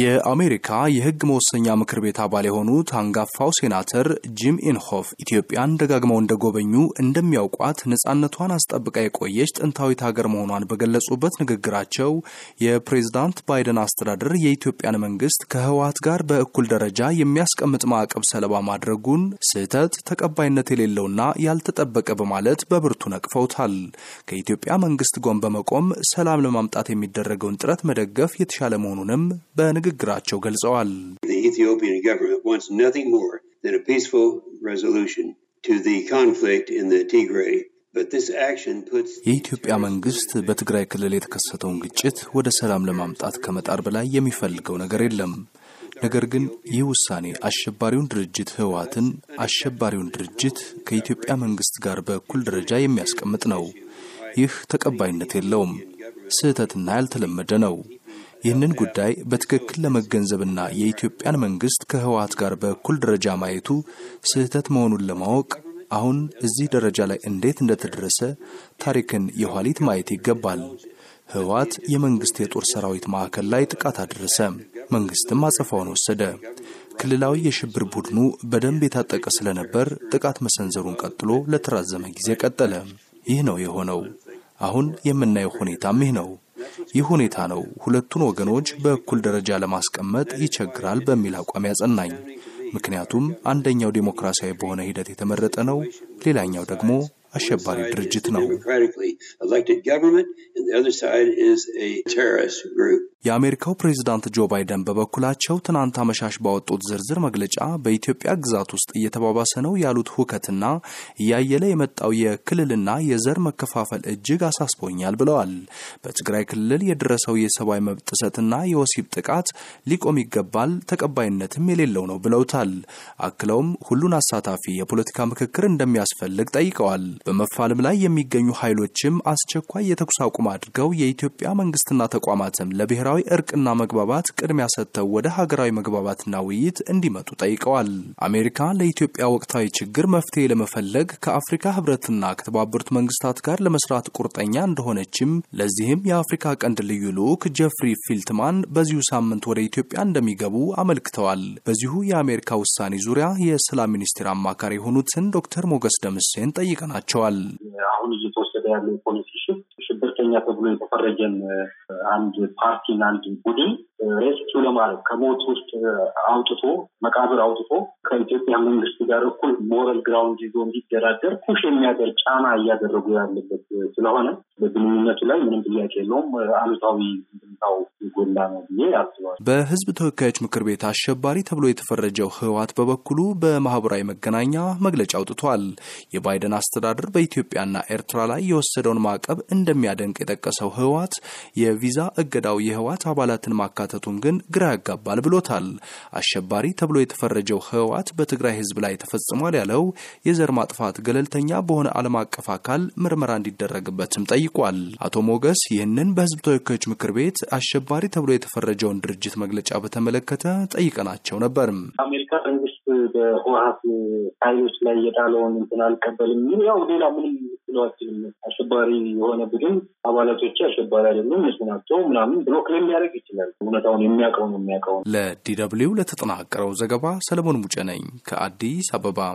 የአሜሪካ የህግ መወሰኛ ምክር ቤት አባል የሆኑት አንጋፋው ሴናተር ጂም ኢንሆፍ ኢትዮጵያን ደጋግመው እንደጎበኙ እንደሚያውቋት ነጻነቷን አስጠብቃ የቆየች ጥንታዊት ሀገር መሆኗን በገለጹበት ንግግራቸው የፕሬዝዳንት ባይደን አስተዳደር የኢትዮጵያን መንግስት ከህወሓት ጋር በእኩል ደረጃ የሚያስቀምጥ ማዕቀብ ሰለባ ማድረጉን ስህተት፣ ተቀባይነት የሌለውና ያልተጠበቀ በማለት በብርቱ ነቅፈውታል። ከኢትዮጵያ መንግስት ጎን በመቆም ሰላም ለማምጣት የሚደረገውን ጥረት መደገፍ የተሻለ መሆኑንም በን ንግግራቸው ገልጸዋል። የኢትዮጵያ መንግስት በትግራይ ክልል የተከሰተውን ግጭት ወደ ሰላም ለማምጣት ከመጣር በላይ የሚፈልገው ነገር የለም። ነገር ግን ይህ ውሳኔ አሸባሪውን ድርጅት ህወሓትን አሸባሪውን ድርጅት ከኢትዮጵያ መንግስት ጋር በእኩል ደረጃ የሚያስቀምጥ ነው። ይህ ተቀባይነት የለውም፣ ስህተትና ያልተለመደ ነው። ይህንን ጉዳይ በትክክል ለመገንዘብና የኢትዮጵያን መንግስት ከህወሀት ጋር በእኩል ደረጃ ማየቱ ስህተት መሆኑን ለማወቅ አሁን እዚህ ደረጃ ላይ እንዴት እንደተደረሰ ታሪክን የኋሊት ማየት ይገባል። ህወሀት የመንግስት የጦር ሰራዊት ማዕከል ላይ ጥቃት አደረሰ። መንግስትም አጸፋውን ወሰደ። ክልላዊ የሽብር ቡድኑ በደንብ የታጠቀ ስለነበር ጥቃት መሰንዘሩን ቀጥሎ ለተራዘመ ጊዜ ቀጠለ። ይህ ነው የሆነው። አሁን የምናየው ሁኔታም ይህ ነው። ይህ ሁኔታ ነው ሁለቱን ወገኖች በእኩል ደረጃ ለማስቀመጥ ይቸግራል በሚል አቋም ያጸናኝ። ምክንያቱም አንደኛው ዴሞክራሲያዊ በሆነ ሂደት የተመረጠ ነው፣ ሌላኛው ደግሞ አሸባሪ ድርጅት ነው። የአሜሪካው ፕሬዚዳንት ጆ ባይደን በበኩላቸው ትናንት አመሻሽ ባወጡት ዝርዝር መግለጫ በኢትዮጵያ ግዛት ውስጥ እየተባባሰ ነው ያሉት ሁከትና እያየለ የመጣው የክልልና የዘር መከፋፈል እጅግ አሳስቦኛል ብለዋል። በትግራይ ክልል የደረሰው የሰብአዊ መብት ጥሰትና የወሲብ ጥቃት ሊቆም ይገባል፣ ተቀባይነትም የሌለው ነው ብለውታል። አክለውም ሁሉን አሳታፊ የፖለቲካ ምክክር እንደሚያስፈልግ ጠይቀዋል። በመፋለም ላይ የሚገኙ ኃይሎችም አስቸኳይ የተኩስ አቁም አድርገው የኢትዮጵያ መንግስትና ተቋማትም ለብሔራዊ እርቅና መግባባት ቅድሚያ ሰጥተው ወደ ሀገራዊ መግባባትና ውይይት እንዲመጡ ጠይቀዋል። አሜሪካ ለኢትዮጵያ ወቅታዊ ችግር መፍትሄ ለመፈለግ ከአፍሪካ ህብረትና ከተባበሩት መንግስታት ጋር ለመስራት ቁርጠኛ እንደሆነችም ለዚህም የአፍሪካ ቀንድ ልዩ ልዑክ ጀፍሪ ፊልትማን በዚሁ ሳምንት ወደ ኢትዮጵያ እንደሚገቡ አመልክተዋል። በዚሁ የአሜሪካ ውሳኔ ዙሪያ የሰላም ሚኒስቴር አማካሪ የሆኑትን ዶክተር ሞገስ ደምሴን ጠይቀናቸዋል። አሁን እየተወሰደ ያለው ፖሊሲ ሽፍት ሽብርተኛ ተብሎ የተፈረጀን አንድ ፓርቲን አንድ ቡድን ሬስኪው ለማለት ከሞት ውስጥ አውጥቶ መቃብር አውጥቶ ከኢትዮጵያ መንግስት ጋር እኩል ሞራል ግራውንድ ይዞ እንዲደራደር ኩሽ የሚያደር ጫና እያደረጉ ያለበት ስለሆነ በግንኙነቱ ላይ ምንም ጥያቄ የለውም። አሉታዊ ድምታው የጎላ ነው ብዬ አስባል። በህዝብ ተወካዮች ምክር ቤት አሸባሪ ተብሎ የተፈረጀው ህወሓት በበኩሉ በማህበራዊ መገናኛ መግለጫ አውጥቷል። የባይደን አስተዳደር በኢትዮጵያና ኤርትራ ላይ የወሰደውን ማዕቀብ እንደሚያደንቅ የጠቀሰው ህወሓት የቪዛ እገዳው የህወሓት አባላትን ማካተቱን ግን ግራ ያጋባል ብሎታል። አሸባሪ ተብሎ የተፈረጀው ህወሓት ጥፋት በትግራይ ህዝብ ላይ ተፈጽሟል ያለው የዘር ማጥፋት ገለልተኛ በሆነ ዓለም አቀፍ አካል ምርመራ እንዲደረግበትም ጠይቋል። አቶ ሞገስ ይህንን በህዝብ ተወካዮች ምክር ቤት አሸባሪ ተብሎ የተፈረጀውን ድርጅት መግለጫ በተመለከተ ጠይቀናቸው ነበር። አሜሪካ መንግስት በህወሀት ኃይሎች ላይ የጣለውን እንትን አልቀበልም ያው ሌላ ምንም ብሏችልም አሸባሪ የሆነ ቡድን አባላቶች አሸባሪ አይደሉም እሱ ናቸው ምናምን ብሎ ክሌም ሊያደርግ ይችላል። እውነታውን የሚያውቀው ነው የሚያውቀው። ለዲ ደብልዩ ለተጠናቀረው ዘገባ ሰለሞን ሙጨ ነኝ ከአዲስ አበባ።